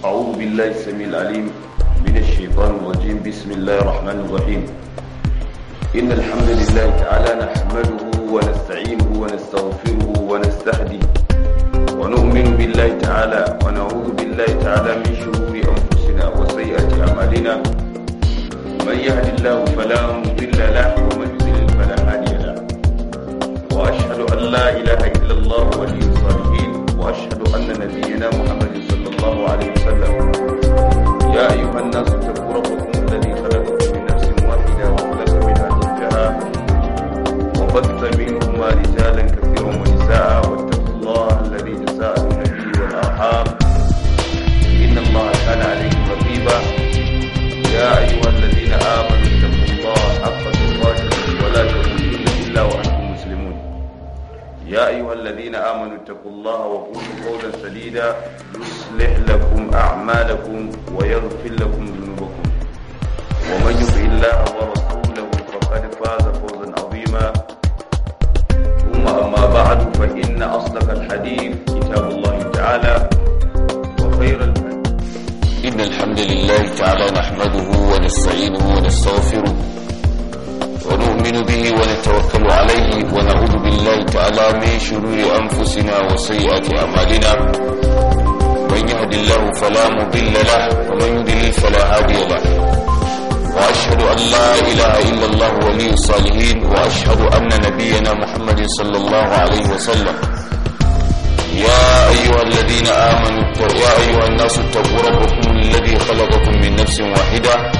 أعوذ بالله السميع العليم من الشيطان الرجيم بسم الله الرحمن الرحيم إن الحمد لله تعالى نحمده ونستعينه ونستغفره ونستهديه ونؤمن بالله تعالى ونعوذ بالله تعالى من شرور أنفسنا وسيئات أعمالنا من يهد الله فلا مضل له ومن يضلل فلا هادي له وأشهد أن لا إله إلا الله ولي الصالحين وأشهد أن نبينا محمد الله عليه وسلم يا أيها الناس اتقوا ربكم الذي خلقكم يا أيها الذين آمنوا اتقوا الله وقولوا قولا سديدا يصلح لكم أعمالكم ويغفر لكم ذنوبكم ومن يطع الله ورسوله فقد فاز فوزا عظيما ثم أما بعد فإن أصدق الحديث كتاب الله تعالى وخير الحديث إن الحمد لله تعالى نحمده ونستعينه ونستغفره نؤمن به ونتوكل عليه ونعوذ بالله تعالى من شرور أنفسنا وسيئات أعمالنا من يهد الله فلا مضل له ومن يضلل فلا هادي له وأشهد أن لا إله إلا الله ولي الصالحين وأشهد أن نبينا محمد صلى الله عليه وسلم يا أيها الذين آمنوا يا أيها الناس اتقوا ربكم الذي خلقكم من نفس واحدة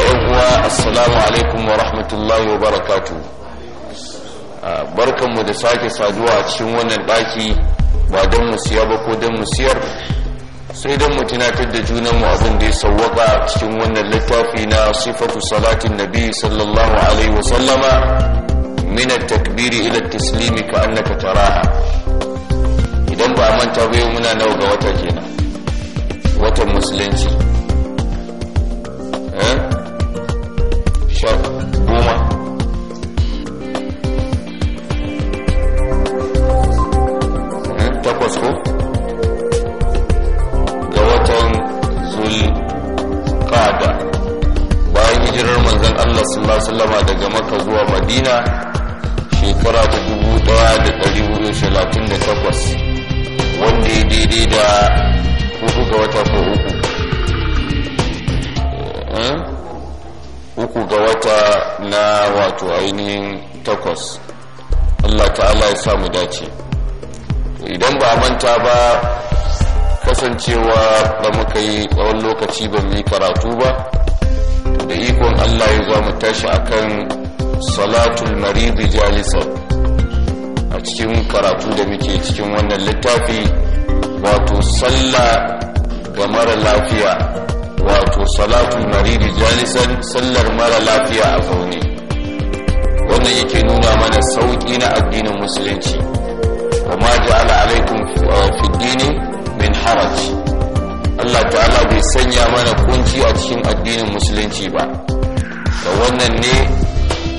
ya uwa assalamu alaikum wa rahmatullahi wa barakatu ah, barkanmu da sake saduwa a cikin wannan ɗaki ba don mu siya ba ko don mu siyar sai don mu tunatar da junanmu abin da ya sauwaka cikin wannan littafi na sifatu salatin nabi sallallahu alaihi wa sallama takbiri ila taslimi ka annaka taraha idan ba manta ba yau muna nawa ga wata kenan watan musulunci eh sha goma eh, takwas ko ga watan zulkada bayan hijirar manzon Allah sallallahu alaihi daga Makka zuwa Madina shekara ta dubu daya da ɗari hudu talatin da takwas wanda ya daidai da hudu ga wata ko uku eh, eh? uku ga wata na wato ainihin takwas allah ta'ala ya samu dace idan ba a manta ba kasancewa ba muka yi tsawon lokaci ba mu yi karatu ba da ikon allah ya za mu tashi akan salatul maridi jalisa a cikin karatu da muke cikin wannan littafi wato sallah ga mara lafiya wato salatul mariri jalisan sallar mara lafiya a zaune wannan yake nuna mana sauƙi na addinin musulunci kuma ja'ala alaikum fi dini min haraj Allah ta'ala bai sanya mana kunci a cikin addinin musulunci ba da wannan ne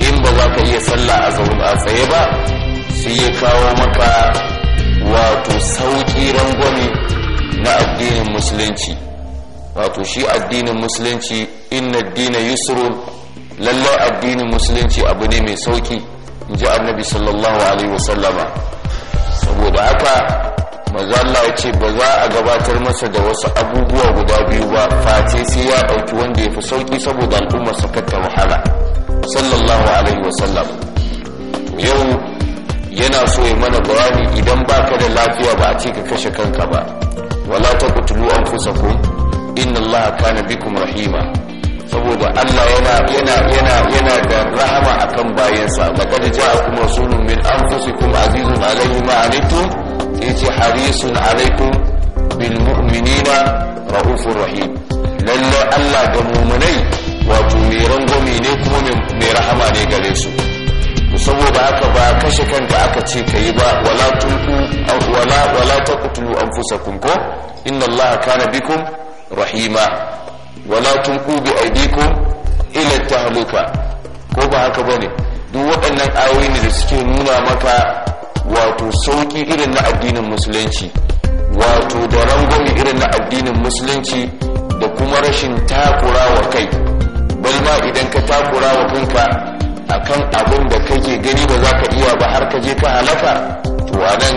in ba za ka iya sallah a zaune a tsaye ba sai ya kawo maka wato sauƙi rangwame na addinin musulunci wato shi addinin musulunci inna addina yusrun lalle addinin musulunci abu ne mai sauki in ji annabi sallallahu alaihi wasallama saboda haka maza Allah ya ce ba za a gabatar masa da wasu abubuwa guda biyu ba face sai ya ɗauki wanda ya fi sauki saboda al'ummar sa ta wahala sallallahu alaihi wasallam yau yana so ya mana bayani idan baka da lafiya ba a ce ka kashe kanka ba wala ta kutulu an fusa inna allaha kana bikum rahima saboda Allah yana yana yana yana da rahama akan bayansa laqad ja'akum rasulun min anfusikum azizun alayhi ma anittum yace harisun alaykum bil mu'minina rahufur rahim lalle Allah da mu'minai wato mai rangwame ne kuma mai rahama ne gare su saboda haka ba kashe kanka aka ce ka yi ba wala tulku wala wala taqtulu anfusakum ko inna allaha kana bikum rahima wala tunku bi aydikum ila tahluka ko ba haka bane duk waɗannan ayoyi ne da suke nuna maka wato sauki irin na addinin musulunci wato da rangwami irin na addinin musulunci da kuma rashin takura wa kai bal ma idan ka takura wa kanka akan abin da kake gani ba za ka iya ba har ka je ka halaka to anan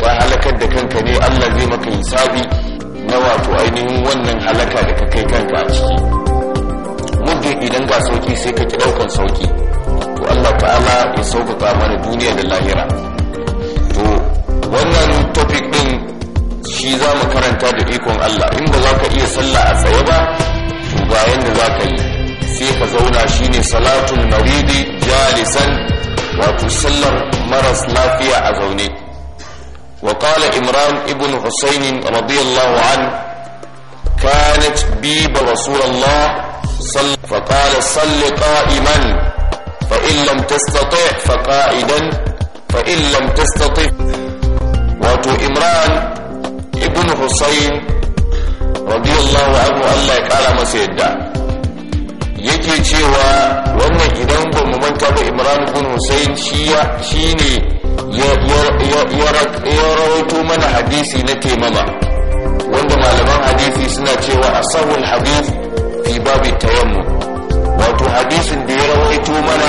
ka halakar da kanka ne Allah zai maka hisabi na wato ainihin wannan halaka da ka kai kanka a ciki muddin idan ga sauki sai ka ki daukan sauki to Allah ta'ala ya sauƙaƙa mana duniya da lahira to wannan topic din shi za mu karanta da ikon Allah in ba za ka iya sallah a tsaye ba to ba yanda za ka yi sai ka zauna shine salatul maridi jalisan wato sallar maras lafiya a zaune وقال إمران ابن حسين رضي الله عنه كانت بيب رسول الله صل فقال صل قائما فإن لم تستطع فقائدا فإن لم تستطع wato imran ابن حسين رضي الله عنه الله kara masa yake cewa wannan idan ba mu manta ba imran bin hussein shi ne ya rawaito mana hadisi na taimama wanda malaman hadisi suna cewa asahul hadith fi babi tayammu wato hadisin da ya rawaito mana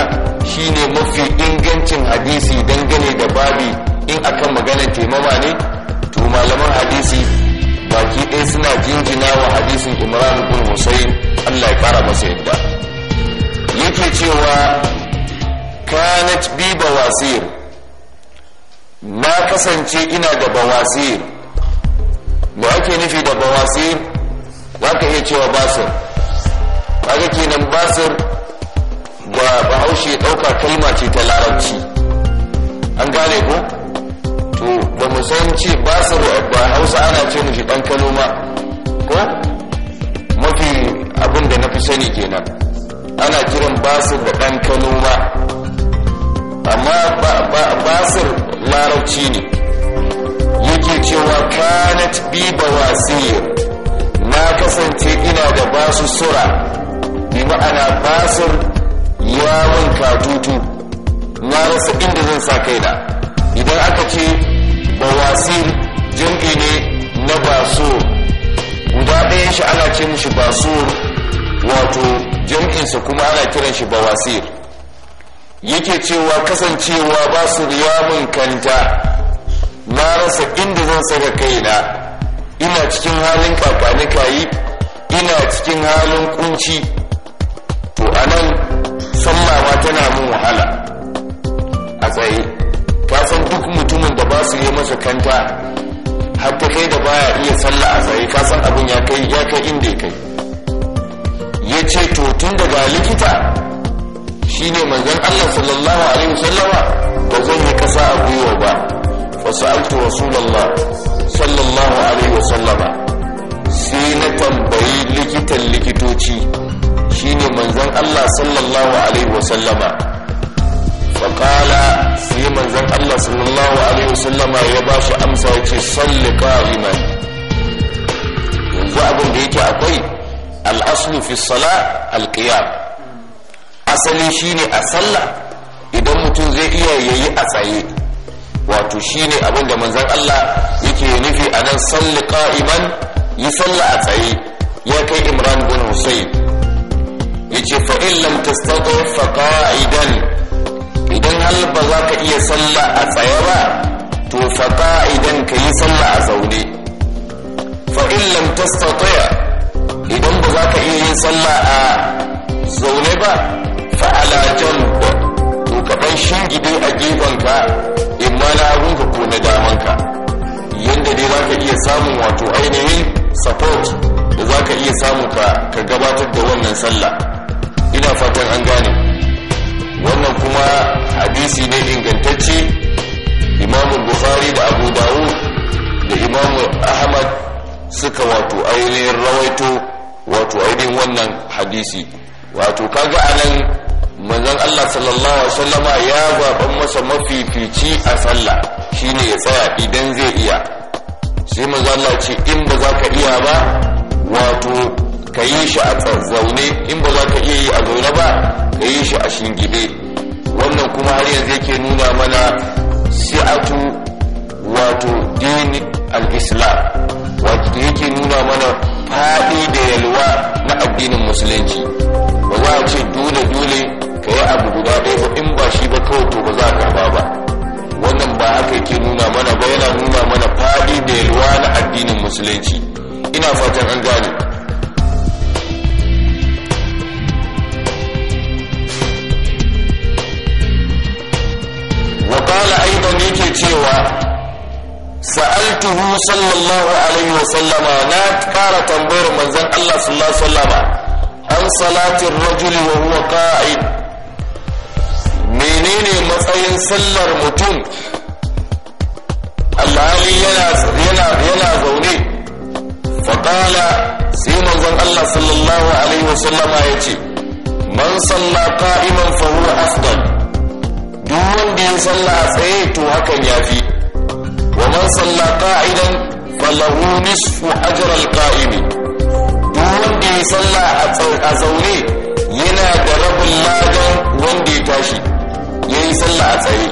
shi ne mafi ingancin hadisi dangane da babi in akan magana taimama ne to malaman hadisi baki ɗaya suna jinjina wa hadisin imran bin hussein Allah ya kara masa yadda yake cewa kanat bi bawasir na kasance ina da bawasir da ake nufi da bawasir za ka iya cewa basir kaga kenan basir ba bahaushe ɗauka kalma ce ta larabci an gane ko to ba mu san ce basir ba hausa ana ce mu shi ɗan kaloma ko mafi abin da na fi sani kenan ana kiran basir da ɗan kano ma amma basir larabci ne yake cewa kanat bi bawasir na kasance ina da basu sura bi ma'ana basir yawon katutu na rasa inda zan sa kai kaina idan aka ce bawasir jam'i ne na basur guda ɗayan shi ana ce mushi basur wato jam'insa kuma ana kiran shi bawasir yake cewa kasancewa ba su riyamun kanta na rasa inda zan saka kaina ina cikin halin kafani kayi ina cikin halin kunci to anan san ma tana min wahala a tsaye ka san duk mutumin da ba su yi masa kanta har ta kai da baya iya sallah a tsaye ka san abin ya kai ya kai inda ya kai ya ce to tun daga likita shine manzan Allah sallallahu alaihi wasallama ba zan yi kasa a gwiwa ba fa wasu rasulullah sallallahu alaihi wasallama sai na tambayi likitan likitoci shine manzan Allah sallallahu alaihi wasallama fa qala sai manzan Allah sallallahu alaihi wasallama ya ba shi amsa yace salli qa'iman yanzu abin da yake akwai al'aslu fi sala alqiyam asali shine a sallah idan mutum zai iya yayi a tsaye wato shine abinda da manzon Allah yake nufi a nan salli qa'iman yi sallah a tsaye ya kai imran bin husayn yace fa in lam idan hal ba za ka iya sallah a tsaye ba to fa idan ka yi sallah a zaune fa in idan ba za ka iya yin sallah a zaune ba fa'ala jan to ka ban shingide a gefen ka in ma na abunka ko na ka yadda dai za ka iya samun wato ainihin support da za ka iya samu ka gabatar da wannan sallah ina fatan an gane wannan kuma hadisi ne ingantacce imamu bukhari da abu dawud da imamu ahmad suka wato ainihin rawaito wato ainihin wannan hadisi wato kaga anan manzon Allah sallallahu alaihi wasallama ya zaban masa mafifici a sallah shine ya tsaya idan zai iya sai manzon Allah ce in ba za ka iya ba wato ka yi shi a zaune in ba za ka iya yi a zaune ba ka yi shi a shingide wannan kuma har yanzu yake nuna mana si'atu wato dini al-islam wato yake nuna mana faɗi da yalwa na addinin musulunci ba za a ce dole dole ka yi abu guda ɗaya ba in ba shi ba kawai to ba za a karba ba wannan ba haka yake nuna mana ba yana nuna mana faɗi da yalwa na addinin musulunci ina fatan an gane وقال أيضا يكي cewa. sa'altuhu sallallahu alaihi wa sallama na fara tambayar manzon Allah sallallahu alaihi wa sallama an salatin rajuli wa huwa qa'id menene matsayin sallar mutum alhali yana zaune faƙala sai manzon Allah sallallahu alaihi wa sallama ya ce man salla qa'iman fa huwa afdal duk wanda ya salla a tsaye to hakan ya fi. ومن صلى قاعدا فله نصف أجر القائم دون دي صلى أزولي ينا درب اللادن وان دي تاشي يي صلى أتعي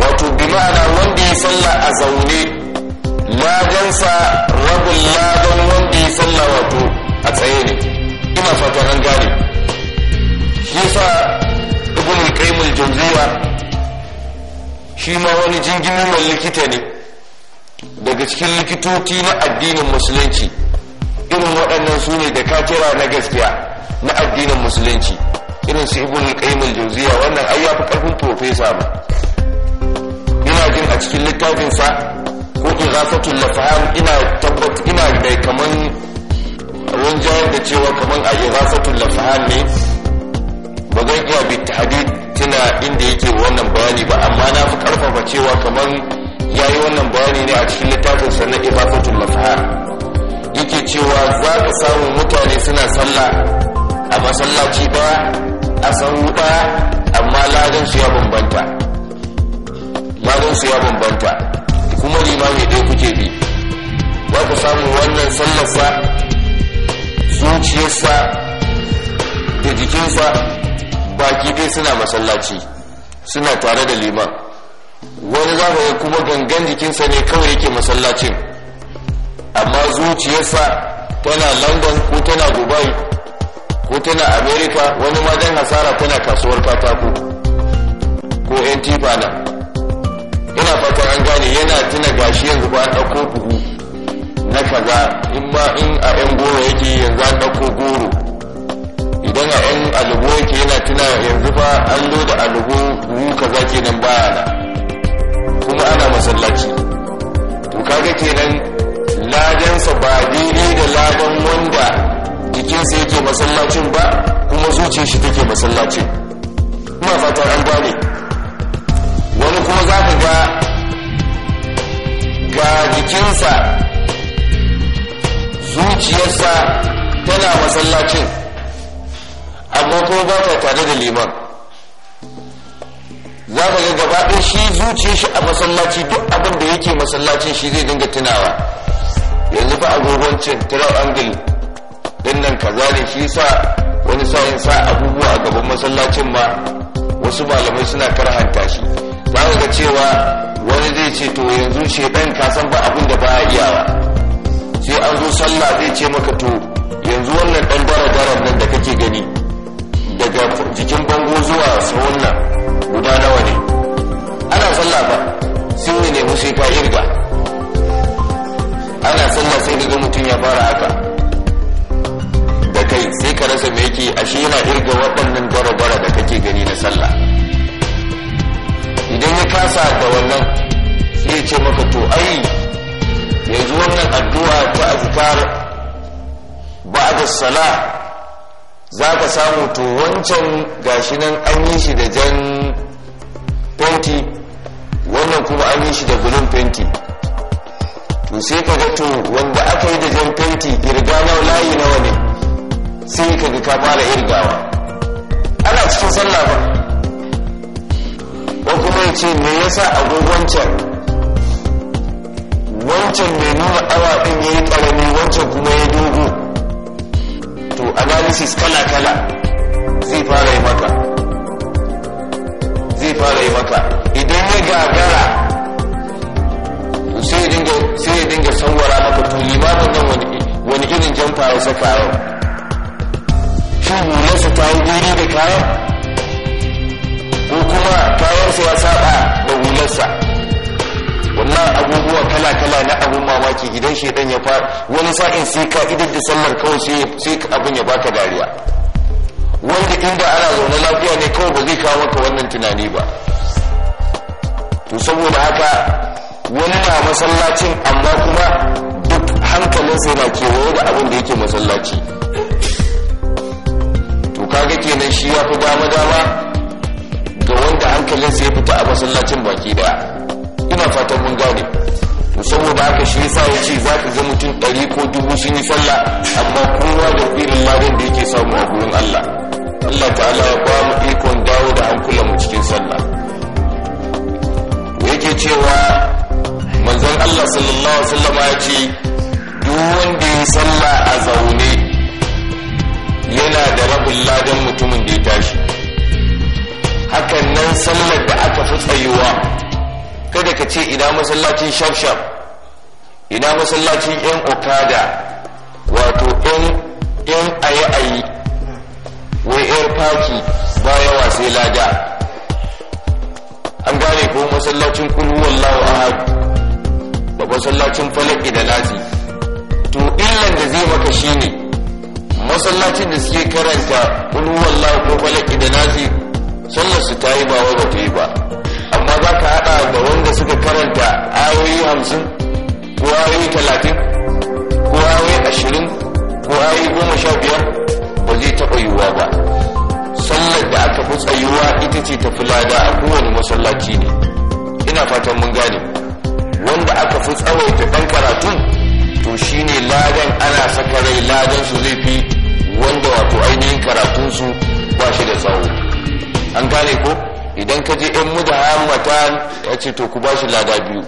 وتو بمعنى وان دي صلى أزولي لا جنسى رب اللادن وان دي صلى وتو أتعيني إما فتنان قالي شيفا ابن القيم الجوزية شيما ma wani jingimin daga cikin likitoci na addinin musulunci irin waɗannan su ne da katira na gaskiya na addinin musulunci irin su ibn al-qayyim wannan ai ya fi ƙarfin profesa ba ina jin a cikin in za ko igafatul fahim ina tabbat ina da kaman runjayar da cewa kaman a igafatul fahim ne ba zan iya bi tahdid tana inda yake wannan bayani ba amma na fi ƙarfafa cewa kaman ya yi wannan bayani ne a cikin littafin sa na ibadatul mafhar yake cewa za ka samu mutane suna sallah a masallaci ba a sahu ba amma ladan su ya bambanta ladan su ya bambanta kuma limami dai kuke bi za ku samu wannan sallarsa zuciyarsa da jikinsa baki dai suna masallaci suna tare da liman wani za ka kuma gangan jikinsa ne kawai yake masallacin amma zuciyarsa tana london ko tana dubai ko tana america wani ma dan hasara tana kasuwar katako ko yan tifana ina fata an gane yana tuna gashi yanzu ba an ɗauko buhu na kaza in ma in a yan goro yake yanzu an ɗauko goro idan a yan alubo yake yana tuna yanzu fa an loda alubo buhu kaza kenan baya na kuma ana masallaci to kaga kenan sa ba dini da ladan wanda jikinsa yake masallacin ba kuma zuciyar shi take masallacin kuma fata an gane wani kuma za ka ga ga jikinsa zuciyarsa tana masallacin amma kuma ba ta tare da liman za mu ga gaba ɗaya shi zuciya shi a masallaci duk abin da yake masallacin shi zai dinga tunawa yanzu fa agogon cin tirar angle din nan kaza ne shi sa wani sa'in sa abubuwa a gaban masallacin ma wasu malamai suna karhanta shi za mu ga cewa wani zai ce to yanzu shedan ka san ba abin da ba iyawa sai an zo sallah zai ce maka to yanzu wannan dan daradaran nan da kake gani daga jikin bango zuwa sahun nan guda nawa ne ana sallah ba sun yi nemi sai ka irga ana sallah sai daga mutum ya fara haka da kai sai ka rasa mai yake shi yana irga waɗannan bara gwara da kake gani na sallah idan ya kasa da wannan sai ce maka to ai yanzu wannan addu'a ta ba a sala za ka samu to wancan gashi nan an yi shi da jan fenti wannan kuma an yi shi da gulun fenti to sai ka to wanda aka yi da jan fenti girga na layi nawa ne sai ka ga ka fara irgawa ana cikin sallah ba ko kuma ya ce me yasa can wancan mai nuna awa ɗin ya yi ƙarami wancan kuma ya dogo to analysis kala-kala zai fara yi maka zai fara yi maka idan ya gagara sai ya dinga sanwara maka to limanin nan wani irin jamfa ya saka yau shi hularsa ta yi daidai da kayan ko kuma kayansa ya saba da hularsa wannan abubuwa kala-kala na abun mamaki idan shaidan ya fara wani sa'in sai ka idar da sallar kawai sai abin ya baka dariya wanda inda ana zaune lafiya ne kawai ba zai kawo maka wannan tunani ba to saboda haka wani na masallacin amma kuma duk hankalin hankalinsa yana kewaye da abin da yake masallaci to kaga kenan shi ya fi dama dama ga wanda hankalin sai ya fita a masallacin baki daya ina fatan mun gane to saboda haka shi yasa ya ce za ka ga mutum ɗari ko dubu sun yi sallah amma kowa da irin ladan da yake samu a gurin Allah Allah ta'ala ya ba mu ikon dawo da hankula mu cikin sallah yake cewa manzon Allah sallallahu alaihi wasallam ya ce duk wanda ya sallah a zaune yana da rabin ladan mutumin da ya tashi hakan nan sallar da aka fi tsayuwa kada ka ce ina masallacin shafshaf ina masallacin yan okada wato yan ayi ayi wai yar faki ba yawa sai lada an gane ko masallacin kulhuwan lawa da masallacin falak da lati to illan da zai maka shine masallacin da suke karanta kulhuwan lawa ko falak da lati sallar su ta yi ba wa ta yi ba amma za ka haɗa da wanda suka karanta ayoyi hamsin ko ayoyi talatin ko ayoyi ashirin ko ayoyi goma sha biyar ba zai taɓa yiwuwa ba sallar da aka fi tsayuwa ita ce tafi lada a kowane masallaci ne ina fatan mun gane wanda aka fi tsawaita ɗan karatu to shine ladan ana saka rai ladan su zai fi wanda wato ainihin karatun su ba shi da tsawo an gane ko idan ka je yan muda ya ce to ku bashi lada biyu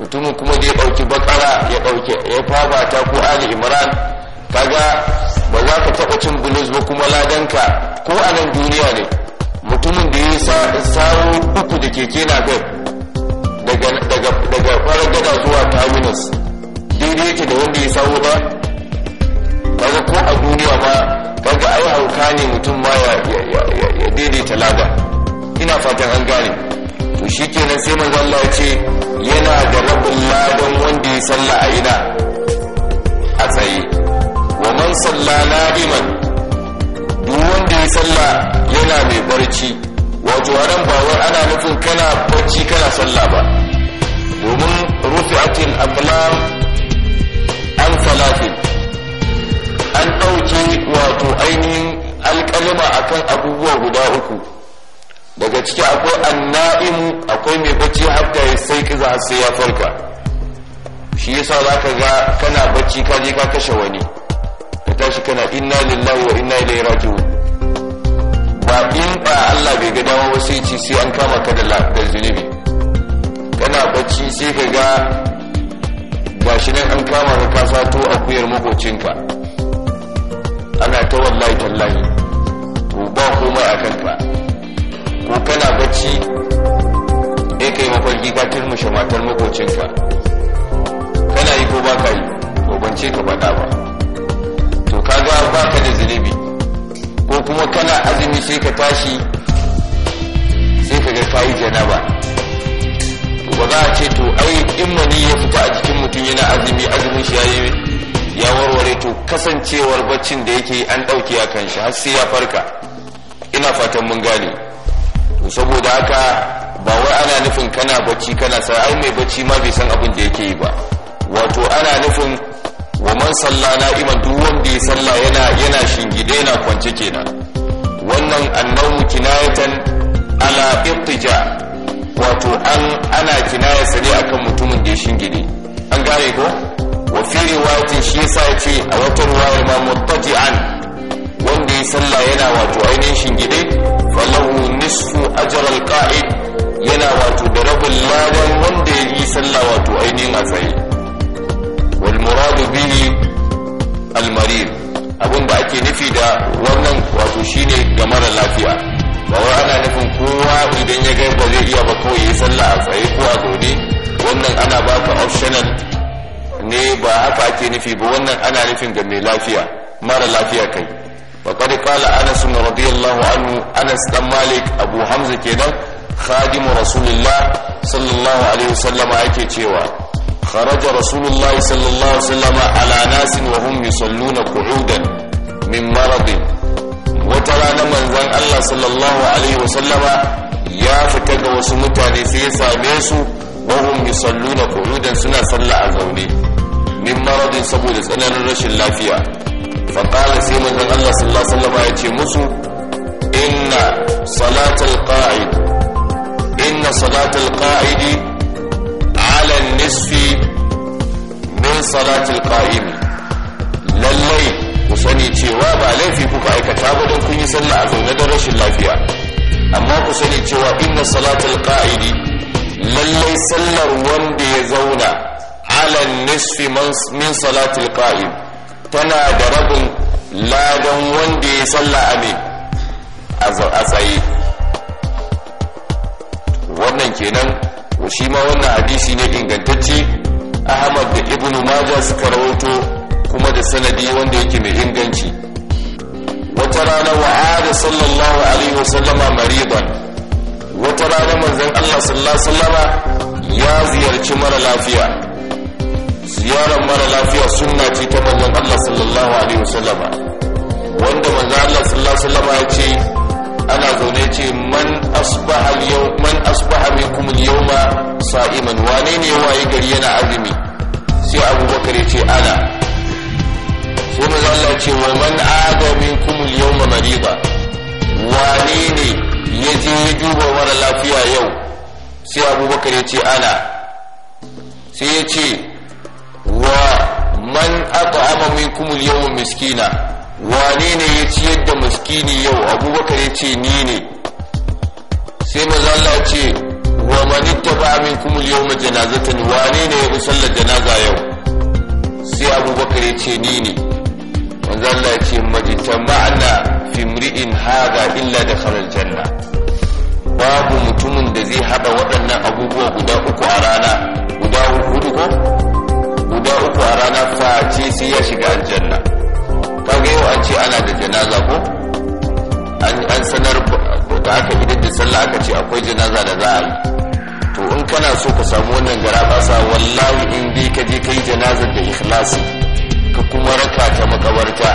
mutumin kuma da ya ɗauki bakara ya ɗauke ya ta ko ali imran kaga ba za ka taɓa cin bulus ba kuma ladanka ko a nan duniya ne mutumin da ya sawo uku da keke na kai daga farar gada zuwa terminus daidai yake da wanda ya sawo ba kaga ko a duniya ma kaga ai hauka ne mutum ma ya daidaita lada ina fatan an gane to shikenan sai manzo Allah ya ce yana da rabin ladan wanda ya salla a ina a tsaye wa man salla na'iman duk wanda ya salla yana mai barci wato anan ba wai ana nufin kana barci kana salla ba domin rufi'atil aqlam an salafin an ɗauke wato ainihin alƙalima akan abubuwa guda uku daga ciki akwai anna'imu akwai mai bacci hafta ya sai kiza sai ya farka shi yasa za ka ga kana bacci ka je ka kashe wani ka tashi kana inna lillahi wa inna ilaihi raji'un ba in ba Allah bai ga dama ba sai ci sai an kama ka da zunubi kana bacci sai ka ga gashi nan an kama ka ka sato akuyar makocinka ana ta wallahi tallahi to ba komai a kanka ko kana bacci eh kai mafarki ka turmushe matar makocinka kana yi ko ba ka yi to ban ce ka faɗa ba to kaga ba ka da zunubi ko kuma kana azumi sai ka tashi sai ka ga ka yi janaba ko ba za a ce to ai in mani ya fita a jikin mutum yana azumi azumin shi ya yi ya warware to kasancewar baccin da yake an ɗauke a kan shi har sai ya farka ina fatan mun gane to saboda haka ba wai ana nufin kana bacci kana sa ai mai bacci ma bai san abin da yake yi ba wato ana nufin wa man salla na'iman duk wanda ya salla yana yana shingide yana kwance kenan wannan annahu kinayatan ala ittija wato an ana kinayarsa ne akan mutumin da ya shingide an gane ko wa fi shi yasa ya ce a wata wayar ma muttaqi'an wanda ya sallah yana wato ainihin shingide falahu nisfu ajr alqa'id yana wato da rabin ladan wanda ya yi sallah wato ainihin a tsaye wal muradu bihi al marid abinda ake nufi da wannan wato shine ga mara lafiya ba wai ana nufin kowa idan ya ga ba zai iya ba kawai ya sallah a tsaye ko a zaune wannan ana ka optional ne ba haka ake nufi ba wannan ana nufin ga mai lafiya mara lafiya kai wa qad qala anas bin radiyallahu anhu anas dan malik abu hamza kenan khadim rasulullah sallallahu alaihi wasallama yake cewa kharaja rasulullah sallallahu alaihi wasallama ala nasin wa hum yusalluna qu'udan min marad wata rana manzon Allah sallallahu alaihi wasallama ya fita ga wasu mutane sai ya same su wahum na qu'udan suna salla a zaune min maradin saboda tsananin rashin lafiya fa qala sai manzon Allah sallallahu alaihi wasallam ce musu inna salatal qa'id inna salatal qa'id ala nisfi min salatil qa'im lallai ku sani cewa ba laifi kuka aikata ba don kun yi sallah a zaune da rashin lafiya amma ku sani cewa inna salatal qa'idi lallai sallar wanda ya zauna alan nisfi min salatul qa'im tana da rabin ladan wanda ya salla ne a tsaye wannan kenan shi ma wannan hadisi ne ingantacce ahmad da ibn maja suka rawato kuma da sanadi wanda yake mai inganci wata rana wa'ada sallallahu alaihi wasallama mariban wata rana manzon Allah sallallahu alaihi ya ziyarci mara lafiya ziyarar mara lafiya sunna ce ta manzon Allah sallallahu alaihi wasallama wanda manzon Allah sallallahu alaihi ya ce ana zaune ce man asbaha yau man asbaha minkum yawma sa'iman wane ne waye gari yana azumi sai abubakar ya ce ana sai manzon Allah ya ce wa man adami minkum yawma mariba wane ne ya je ya duba mara lafiya yau sai abubakar ya ce ana sai ya ce wa man aka mai kumul yau miskina wane ne ya ci yadda miskini yau abubakar ya ce ni ne sai mazala ce wa man ittaba minkum al-yawma janazatan wane ne ya bi sallar janaza yau sai abubakar ya ce ni ne wanzan Allah ya ce majtama'na imri'in haga illa da khalal janna babu mutumin da zai haɗa waɗannan abubuwa guda uku a rana guda hudu ko guda uku a rana face sai ya shiga aljanna kaga yau an ce ana da janaza ko an sanar da aka idan da sallah aka ce akwai janaza da za a yi to in kana so ka samu wannan gara sa wallahi in dai ka je kai janazar da ikhlasi ka kuma raka ta makabarta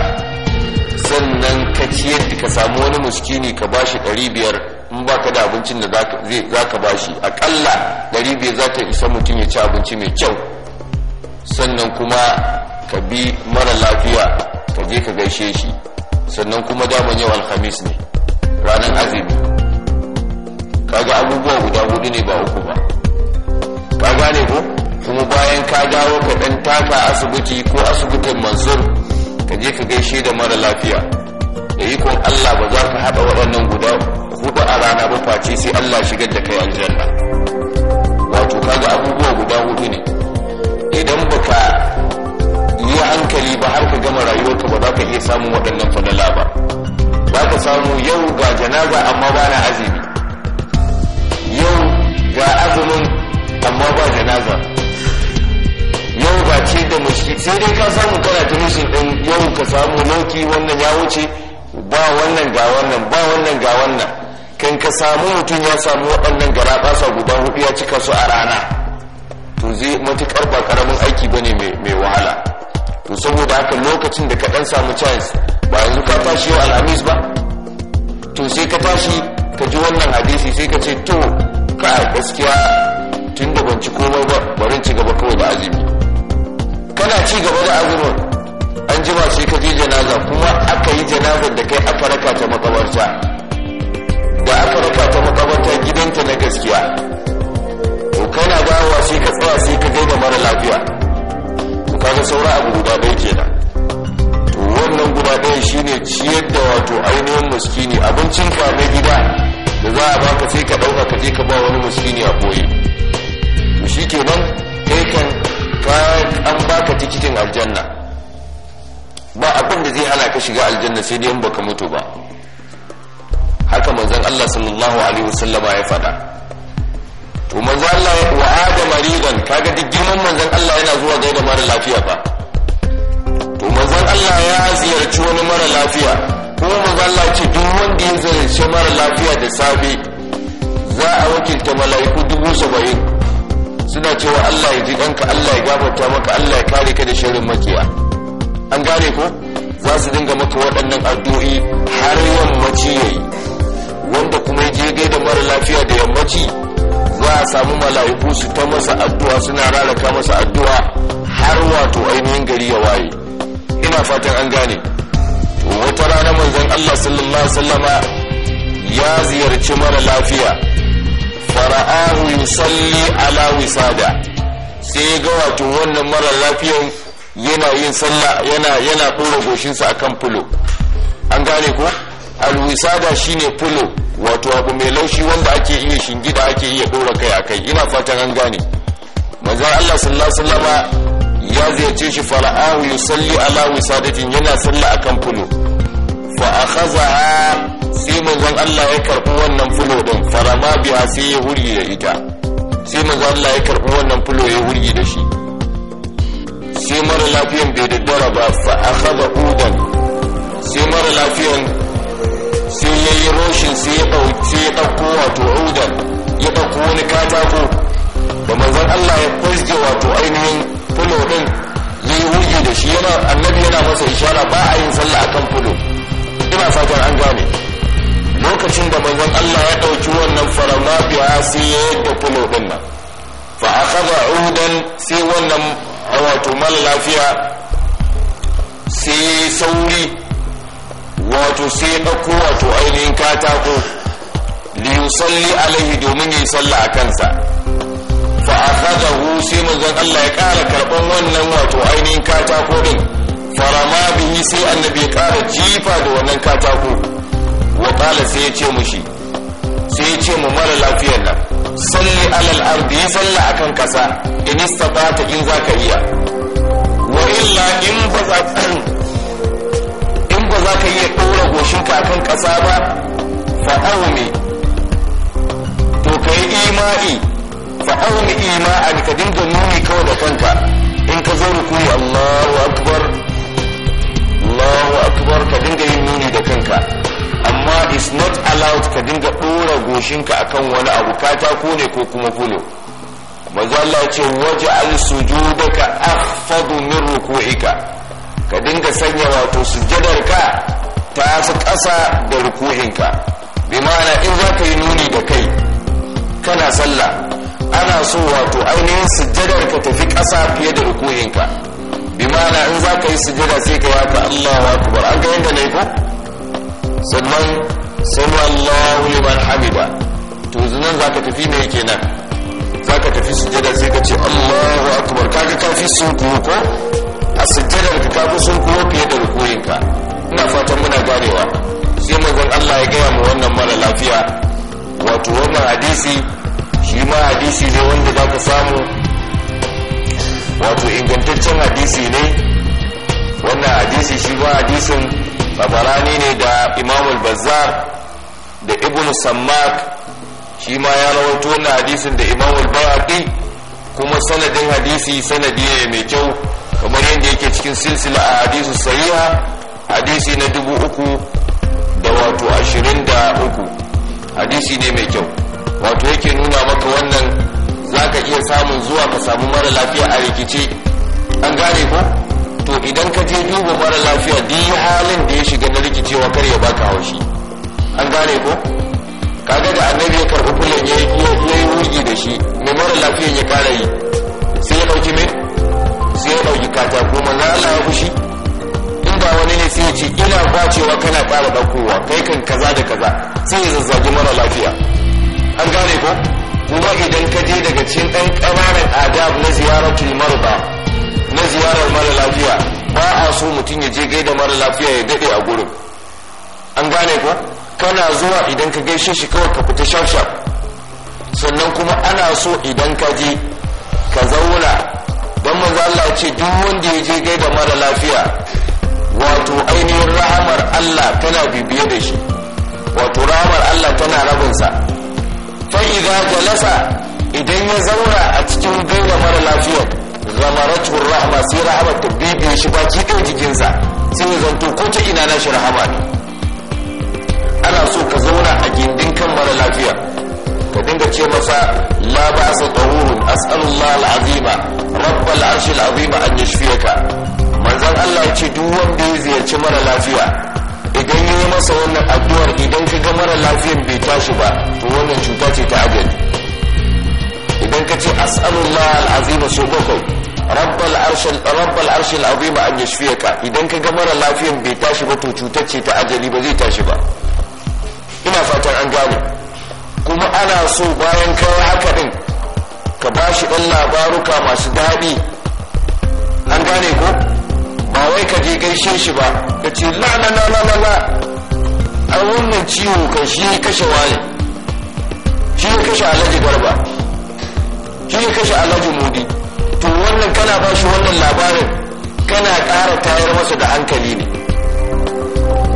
sannan ka ciyar da ka samu wani muskini ka bashi ɗari biyar in ba ka da abincin da za ka bashi aƙalla ɗari biyar za ta isa mutum ya ci abinci mai kyau sannan kuma ka bi mara lafiya ka je ka gaishe shi sannan kuma daman yau alhamis ne ranar azumi kaga abubuwa guda hudu ne ba uku ba ka gane ko kuma bayan ka dawo ka dan taka asibiti ko asibitin mansur ka je ka gaishe da mara lafiya da ikon Allah ba za ka haɗa waɗannan guda hudu a rana ba face sai Allah shigar da kai aljanna wato kaga abubuwa guda hudu ne idan baka yi hankali ba har ka gama rayuwarka ba za ka iya samun waɗannan falala ba za ka samu yau ga janaza amma ba na azumi yau ga azumin amma ba janaza yau ba ce da sai dai ka samu kana tunishin din yau ka samu nauki wannan ya wuce ba wannan ga wannan ba wannan ga wannan kan ka samu mutum ya samu waɗannan garaɓasa guda hudu ya cika su a rana to zai matuƙar ba ƙaramin aiki bane mai wahala to saboda haka lokacin da ka ɗan samu chance ba yanzu ka tashi yau alhamis ba to sai ka tashi ka ji wannan hadisi sai ka ce to ka gaskiya tun da ban ci komai ba barin ci gaba kawai da azumi kana ci gaba da azumin an jima sai ka je janaza kuma aka yi janazar da kai aka raka ta makabarta da aka raka ta makabarta gidanta na gaskiya to kana dawowa sai ka tsaya sai ka gaida mara lafiya to kaga saura abu guda ɗaya kenan to wannan guda ɗaya shine ciyar da wato ainihin muskini abincin ka na gida da za a baka sai ka ɗauka ka je ka ba wani muskini a koyi to shi kenan kai kan an baka tikitin aljanna ba abin da zai hana ka shiga aljanna sai dai in baka mutu ba haka manzon Allah sallallahu alaihi wasallama ya faɗa to manzon Allah wa adama maridan kaga dukkan manzon Allah yana zuwa gaida mara lafiya ba to manzon Allah ya ziyarci wani mara lafiya ko manzon Allah ce duk wanda ya ziyarci mara lafiya da safe za a wakilta mala'iku dubu saba'in suna cewa Allah ya ji ɗanka Allah ya gabata maka Allah ya kare ka da shirin makiya an gane ko za su dinga maka waɗannan addu'o'i har yammaci ya yi wanda kuma je gai da mara lafiya da yammaci za a samu mala'iku su ta masa addu'a suna raraka masa addu'a har wato ainihin gari ya waye ina fatan an gane wata rana manzon Allah sallallahu alaihi wasallama ya ziyarci mara lafiya fara'ahu yusalli ala wisada sai ya ga wato wannan mara lafiyan yana yin sallah yana yana ɗora goshinsa akan fulo an gane ko alwisada shine fulo wato abu mai laushi wanda ake iya shingida ake iya ɗora kai akai ina fatan an gane manzo Allah sallallahu alaihi ya ziyarce shi fara'ahu yusalli ala wisadatin yana sallah akan fulo fa akhazaha sai manzon Allah ya karbi wannan fulo din farama biya sai ya hurgi da ita sai manzon Allah ya karbi wannan fulo ya hurgi da shi sai mara lafiyan bai da daraba fa akhadha uban sai mara lafiyan sai ya yi roshin sai ya dauki ya dauko wato udan ya dauko wani katako da manzon Allah ya fasge wato ainihin fulo din ya yi hurgi da shi yana annabi yana masa ishara ba a yin sallah akan fulo ina fatan an gane lokacin da manzon Allah ya ɗauki wannan biya sai ya yadda fulo ɗin nan fa akhadha udan sai wannan wato mara lafiya sai sauri wato sai ɗauko wato ainihin katako liyusalli alaihi domin yi sallah a kansa fa akhadahu sai manzon Allah ya ƙara karɓan wannan wato ainihin katako din farama bihi sai annabi ya ƙara jifa da wannan katako wa sai ya ce mushi sai ya ce mu mara lafiyar nan salli alal ardi ya salla akan kasa in istata in zaka iya wa illa in ba za in ba za ka iya dora goshinka akan kasa ba fa aumi to kai imani. fa aumi imani ka dinga nuni kawai da kanka in ka zo rukuni Allahu akbar Allahu akbar ka dinga yin nuni da kanka amma is not allowed ka dinga dora goshinka akan wani abu katako ne ko kuma fulo manzo Allah ce waje al sujudaka akhfadu min ruku'ika ka dinga sanya wato ka ta fi kasa da ruku'inka bi ma'ana in za ka yi nuni da kai kana sallah ana so wato ainihin ka ta fi kasa fiye da ruku'inka bi ma'ana in za ka yi sujuda sai ka yi haka Allahu akbar an ga yanda ne ko sannan sai wallahu liman hamida to zunan zaka tafi ne kenan zaka tafi sujada sai ka ce Allahu akbar kaga ka kafi sun ko a sujjadar ka kafi sun kuma fiye da rukuyin ka ina fatan muna ganewa sai mazan Allah ya gaya mu wannan mara lafiya wato wannan hadisi shi ma hadisi ne wanda za ka samu wato ingantaccen hadisi ne wannan hadisi shi ma hadisin tabarani ne da imamul bazzar da ibn sammak shi ma ya rawaito na hadisin da imamul baqi kuma sanadin hadisi sanadi ne mai kyau kamar yadda yake cikin silsila a hadisu sahiha hadisi na dubu uku da wato ashirin da uku hadisi ne mai kyau wato yake nuna maka wannan za ka iya samun zuwa ka samu mara lafiya a rikici an gane ko to idan ka je duba mara lafiya yi halin da ya shiga na rikicewa kar ya baka haushi an gane ko kaga da annabi ya karɓi kullum ya yi wuri da shi mai mara lafiya ya kara yi sai ya ɗauki mai sai ya ɗauki katako na Allah ya fushi inda wani ne sai ya ce ina kwacewa kana ƙara ɗaukowa kai kan kaza da kaza sai ya zazzagi mara lafiya an gane ko kuma idan ka je daga cikin ɗan ƙananan adab na ziyaratul marba na ziyarar mara lafiya ba a so mutum ya je gaida mara lafiya ya daɗe a gurin an gane ko kana zuwa idan ka gaishe shi kawai ka fita shafshaf sannan kuma ana so idan ka je ka zauna don manzo Allah ce duk wanda ya je gaida mara lafiya wato ainihin rahamar Allah tana bibiye da shi wato rahamar Allah tana rabinsa fa idza jalasa idan ya zauna a cikin gaida mara lafiya zamaratu rahama sai rahama ta bibiye shi baki ɗaya jikinsa sai ya zanto ko ta ina na shi rahama ne ana so ka zauna a gindin kan mara lafiya ka dinga ce masa la ba sa tahurun as'alullah al'azima rabbal arshil azima an yashfiyaka manzon Allah ya ce duk wanda ya ziyarci mara lafiya idan yi masa wannan addu'ar idan ka ga mara lafiyan bai tashi ba to wannan cuta ce ta ajali idan ka ce as'alullah al'azima so bakwai rabbal arshil rabbal arshil ya an ka idan ka ga mara lafiyan bai tashi ba to cutar ce ta ajali ba zai tashi ba ina fatan an gane kuma ana so bayan kai haka din ka ba shi dan labaruka masu daɗi an gane ko ba wai ka je gaishe shi ba ka ce la la la la a wannan ciwo ka shi ya kashe wani shi ya kashe alhaji garba shi ya kashe alhaji mudi to wannan kana ba shi wannan labarin kana ƙara tayar masa da hankali ne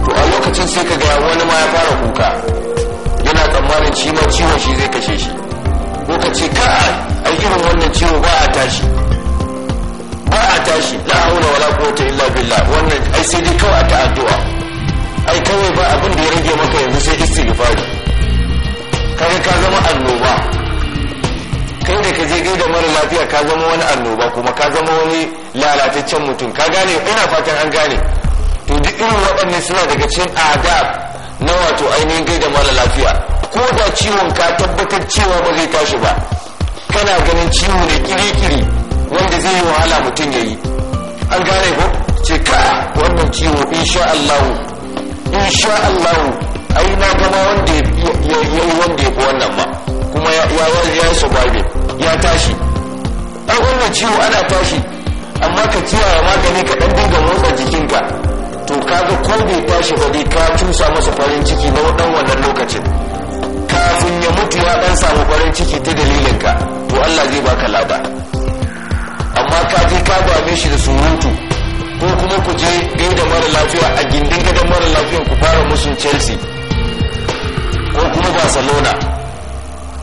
to a lokacin sai ka ga wani ma ya fara kuka yana tsammanin shi ma ciwon shi zai kashe shi ko ka ce ka a irin wannan ciwo ba a tashi ba a tashi la auna wala quwwata illa billah wannan ai sai dai kawai a ta addu'a ai kawai ba abin da ya rage maka yanzu sai istighfari kaga ka zama annoba kai da ka je gaida mara lafiya ka zama wani annoba kuma ka zama wani lalataccen mutum ka gane ina fatan an gane to duk irin waɗannan suna daga cikin adab na wato ainihin gaida mara lafiya ko da ciwon ka tabbatar cewa ba zai tashi ba kana ganin ciwo ne kirikiri wanda zai yi wahala mutum ya yi an gane ko ce ka wannan ciwo insha Allah insha Allah ai na gama wanda ya yi wanda ya fi wannan ma kuma ya yi ya tashi an wannan ciwo ana tashi amma ka kiyaye magani ka dan dinga motsa jikinka to kaga ko bai tashi ba dai ka cusa masa farin ciki na wadan wannan lokacin kafin ya mutu ya ɗan samu farin ciki ta dalilinka to Allah zai baka lada amma ka je ka dame shi da surutu ko kuma ku je gaida mara lafiya a gindin gadon mara lafiyan ku fara musun Chelsea ko kuma Barcelona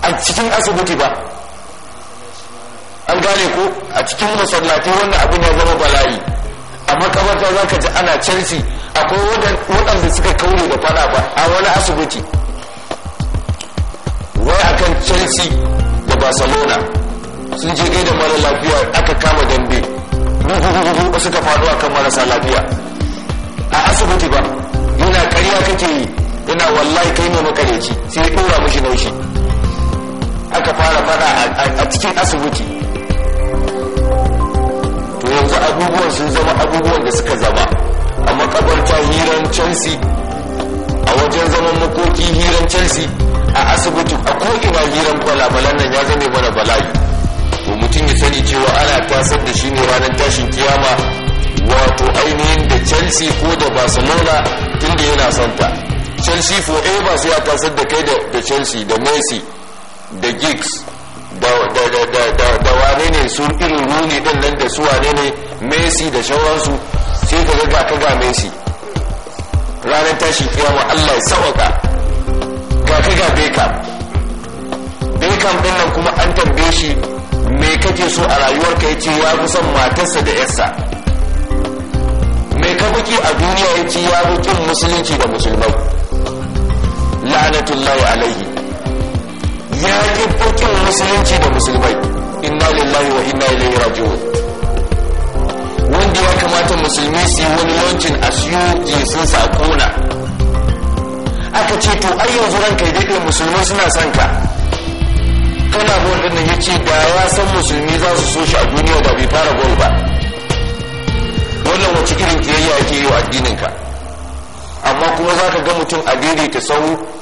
a cikin asibiti ba an gane ko a cikin masallatai wannan abin ya zama bala'i a makabarta za ka ji ana canci akwai waɗanda suka kaure da fada ba a wani asibiti wai a kan chelsea da barcelona sun je gai da mara lafiya aka kama dambe ba suka faɗo kan marasa lafiya a asibiti ba yana karya kake yi yana wallahi kai ne makareci sai ya ɗora mashi naushi aka fara fada a cikin asibiti to yanzu abubuwan sun zama abubuwan da suka zama a makabarta hiran chelsea a wajen zaman makoki hiran chelsea a asibiti a ko'ina hiran balabalan nan ya zame mana bala'i to mutum ya sani cewa ana tasar da shi ne ranar tashin kiyama wato ainihin da chelsea ko da barcelona tunda yana santa ta chelsea forever sai ya tasar da kai da chelsea da messi da gigs da wane ne sun irin rune din nan da su wane ne messi da shawarsu sai ka ga ka ga messi ranar tashi kiyama allah ya sauka ga ka ga beckham beckham din nan kuma an tambaye shi me kake so a rayuwar ya ce ya fi son matarsa da yarsa me ka buki a duniya ya ce ya musulunci da musulmai la'anatullahi alaihi ya yi fakin musulunci da musulmai inna lillahi wa inna ilaihi raji'un wanda ya kamata musulmi su yi wani yawancin a yi sun sa kona aka ce to ai yanzu ranka daɗe musulmai suna son ka kana gol ɗin ya ce da ya san musulmi za su so shi a duniya da bai fara gol ba wannan wacce irin kiyayya ke yi wa addininka amma kuma za ka ga mutum a daidaita sahu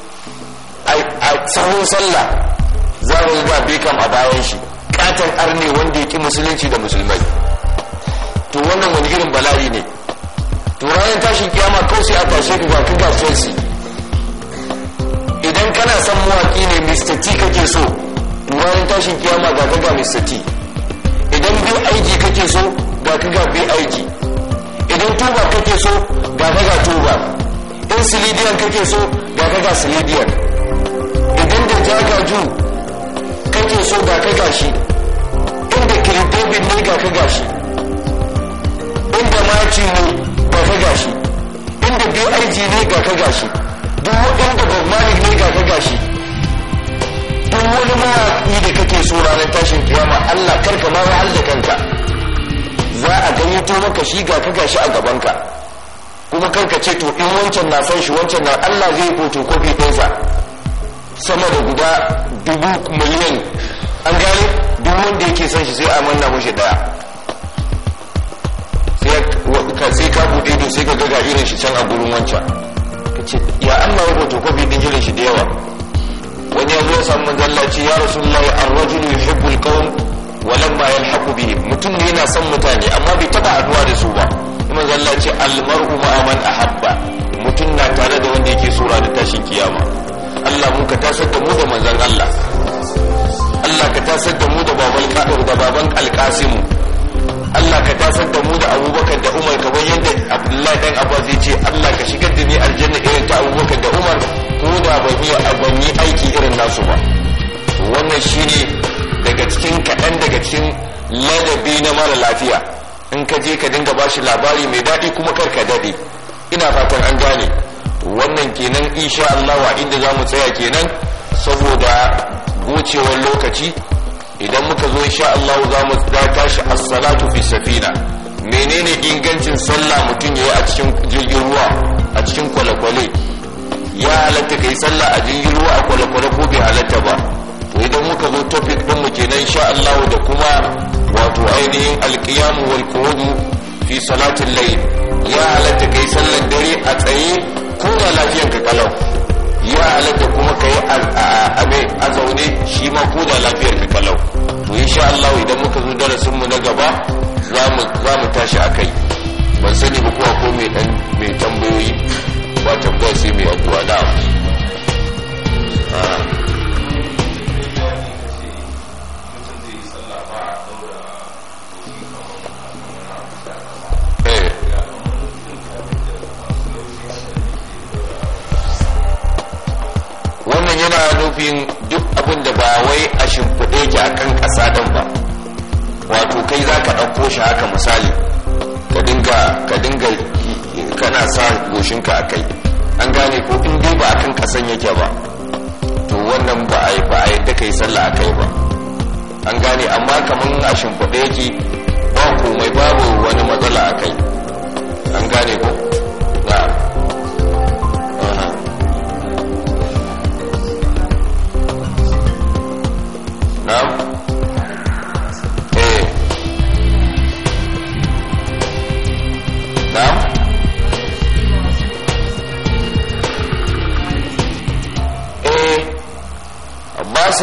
a tsawon sallah za mu ba bikan a bayan shi katon arne wanda ya ki musulunci da musulmai to wannan wani irin bala'i ne to ranar tashin kiyama kawai sai a tashe ba ku ga chelsea idan kana san mawaki ne mr t kake so to ranar tashin kiyama ga ga mr t idan biyu aiki kake so ga kaga ga biyu aiki idan tuba kake so ga kaga ga tuba in silidiyan kake so ga kaga ga silidiyan ya gaju kake so ga ka gashi inda kiribobin ne ga ka gashi inda maci ne ga ka gashi inda big ne ga ka gashi duk inda bob ne ga ka gashi duk wani mawaƙi da kake so ranar tashin kiyama allah karka ma wahal da kanka za a gayyato maka shi ga ka gashi a gabanka kuma karka ce to in wancan na san shi wancan na allah zai koto kofi ɗinsa sama da guda dubu miliyan an gane duk wanda yake son shi sai a manna mushi daya sai ka bude ido sai ka ga irin shi can a gurin wancan ya an ya rubuta kwafi din jirin shi da yawa wani yanzu ya samu majallaci ya ya arrajulu yuhibbu alqawm wa lamma haku bihim mutum ne yana son mutane amma bai taba haduwa da su ba kuma zallaci almar'u ma'a man ahabba mutum na tare da wanda yake sura da tashin kiyama Allah mu ka tasar da mu da manzon Allah Allah ka tasar da mu da baban kadar da baban alkasimu Allah ka tasar da mu da abubakar da umar kamar yadda abdullahi dan abbas ya ce Allah ka shigar da ni aljanna irin ta abubakar da umar ko da ban yi ban yi aiki irin nasu ba wannan shine daga cikin kaɗan daga cikin ladabi na mara lafiya in ka je ka dinga bashi labari mai daɗi kuma kar ka daɗe ina fatan an gane wannan kenan insha Allah wa inda za mu tsaya kenan saboda gocewar lokaci idan muka zo insha Allah za mu tashi as-salatu fi safina menene ingancin sallah mutum yayi a cikin jirgin ruwa a cikin kwale ya halatta kai sallah a jirgin ruwa a kwale ko bai halatta ba to idan muka zo topic din mu kenan insha Allah da kuma wato ainihin al-qiyam wal qudu fi salatil layl ya halatta kai sallar dare a tsaye ko lafiyan ka kalau ya halatta kuma ka yi abe a zaune shi ma ko lafiyar ka kalau to insha Allah idan muka zo darasin mu na gaba za mu tashi akai ban sani ba kowa ko mai dan mai tambayoyi ba tambaya sai mai abuwa na nufin duk abin da ba wai a shimfiɗe ki a kan ƙasa don ba wato kai za ka ɗauko shi haka misali ka dinga ka dinga kana sa goshinka a kai an gane ko in dai ba a kan ƙasan yake ba to wannan ba a yi ba a yadda kai sallah a kai ba an gane amma kamar a shimfiɗe ki ba komai babu wani matsala a kai an gane ko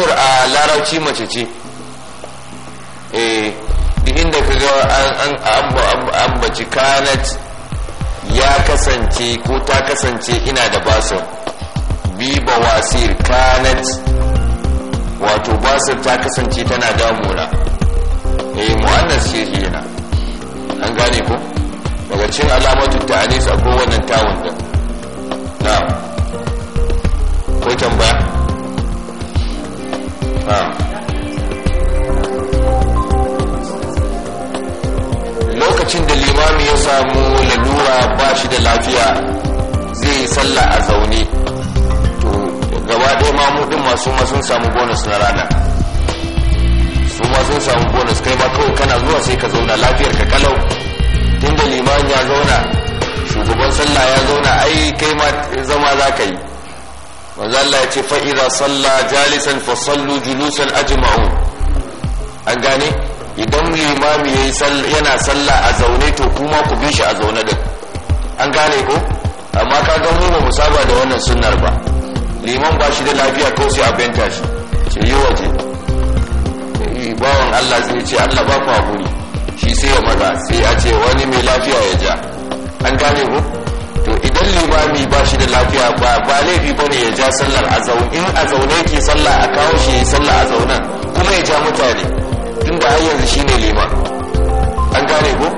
al'asir a larauci mace ce eh inda ka ga an ambaci kanat ya kasance ko ta kasance ina da basir bi wasir kanat wato basir ta kasance tana damuna eh mu'annas ce yana an gane ko daga cikin alamatu ta'anis akwai wannan tawun din na ko tambaya lokacin da limami ya samu lalura ba shi da lafiya zai yi sallah a zaune to gaba ɗaya mamudin masu ma sun samu bonus na rana su ma sun samu bonus kai ma kawai kana zuwa sai ka zauna lafiyar ka kalau tunda limami ya zauna shugaban sallah ya zauna ai kai ma zama za ka yi manzo Allah ya ce fa idza salla jalisan fa sallu julusan ajima’u an gane idan limami yana salla a zaune to kuma ku bi shi a zaune din an gane ko amma ka mu ba mu saba da wannan sunar ba liman ba shi da lafiya ko sai a benta shi ce yi waje bawan Allah zai ce Allah ba ku hakuri shi sai ya maza sai ya ce wani mai lafiya ya ja an gane ko idan limami ba shi da lafiya ba ba laifi bane ya ja sallar a zaune in a zaune ke sallah a kawo shi ya sallah a zaunan kuma ya ja mutane tunda har yanzu ne liman an gane ko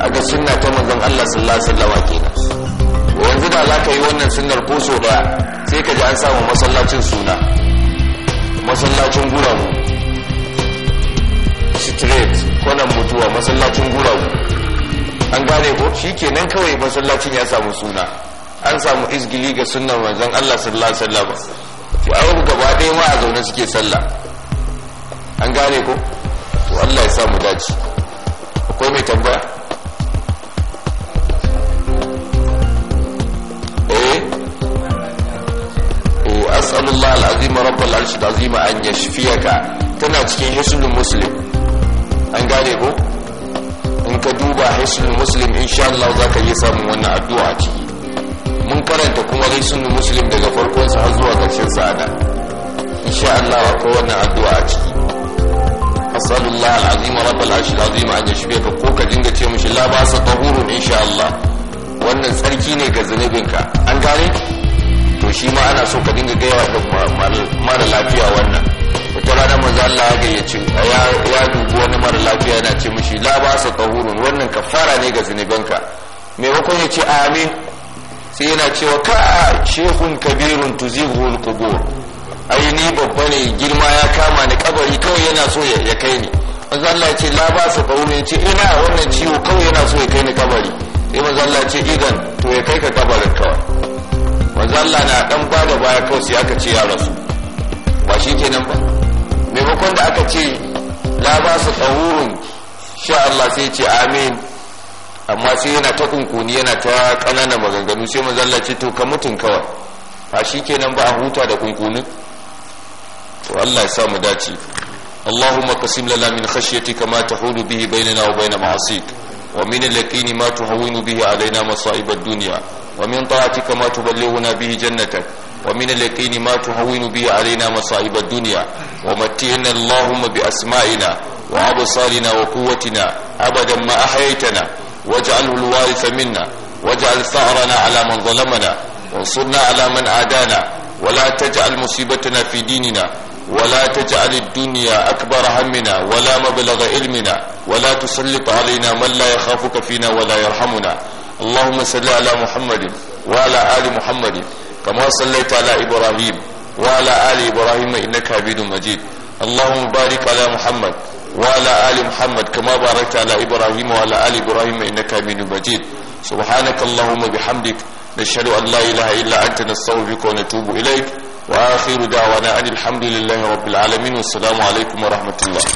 a ga sunna ta manzon Allah sallallahu alaihi wasallam kenan yanzu da za ka yi wannan sunnar ko so daya sai ka ji an samu masallacin suna masallacin guragu street kwanan mutuwa masallacin ne ko shi kenan kawai masallacin ya samu suna an samu izgili ga sunnar manzon Allah sallallahu alaihi wasallam to gaba ɗaya ma a zaune suke sallah an gane ko to Allah ya samu dace akwai mai tambaya أسأل الله العظيم رب العرش العظيم أن يشفيك تنا cikin hisnul muslim an gane ko in ka duba hisnul muslim insha Allah za ka iya samun wannan addu'a a ciki mun karanta kuma haisun muslim daga farkon sa har zuwa ƙarshen sa da insha Allah ko wannan addu'a a ciki asalullah alazim rabbul arshil azim an yashbe ka ko ka dinga ce mishi la ba sa tahurun insha Allah wannan tsarki ne ga ka an gane to shi ma ana so ka dinga gaya wa mara lafiya wannan wala da manzo Allah ya gayyaci ya dubi wani mara lafiya yana ce mishi la ba su tahurun wannan kafara ne ga me maimakon ya ce amin sai yana cewa ka shehun kabirun tuzihul qubur ai ni babba ne girma ya kama ni kabari kawai yana so ya kai ni manzo Allah ya ce la ba su tahurun ya ce ina wannan ciwo kawai yana so ya kai ni kabari sai manzo Allah ya ce idan to ya kai ka kabarin kawai manzo na dan bada baya kawai sai aka ce ya rasu ba shi kenan ba maimakon da aka ce la ba su tsawurin sha Allah sai ce amin amma sai yana ta kunkuni yana ta ƙanana maganganu sai manzalla ce to ka mutun kawai ba shi kenan ba a huta da kunkunin to Allah ya sa mu dace اللهم قسم لنا من خشيتك ما تحول به بيننا وبين معصيك ومن اليقين ما تهون به علينا مصائب الدنيا ومن طاعتك ما تبلغنا به جنتك ومن اليقين ما تهون به علينا مصائب الدنيا ومتعنا اللهم بأسمائنا وأبصارنا وقوتنا أبدا ما أحييتنا واجعله الوارث منا واجعل ثأرنا على من ظلمنا وانصرنا على من عادانا ولا تجعل مصيبتنا في ديننا ولا تجعل الدنيا أكبر همنا ولا مبلغ علمنا ولا تسلط علينا من لا يخافك فينا ولا يرحمنا اللهم صل على محمد وعلى آل محمد كما صليت على إبراهيم وعلى آل إبراهيم إنك حميد مجيد اللهم بارك على محمد وعلى آل محمد كما باركت على إبراهيم وعلى آل إبراهيم إنك حميد مجيد سبحانك اللهم بحمدك نشهد أن لا إله إلا أنت نستغفرك ونتوب إليك وآخر دعوانا أن الحمد لله رب العالمين والسلام عليكم ورحمة الله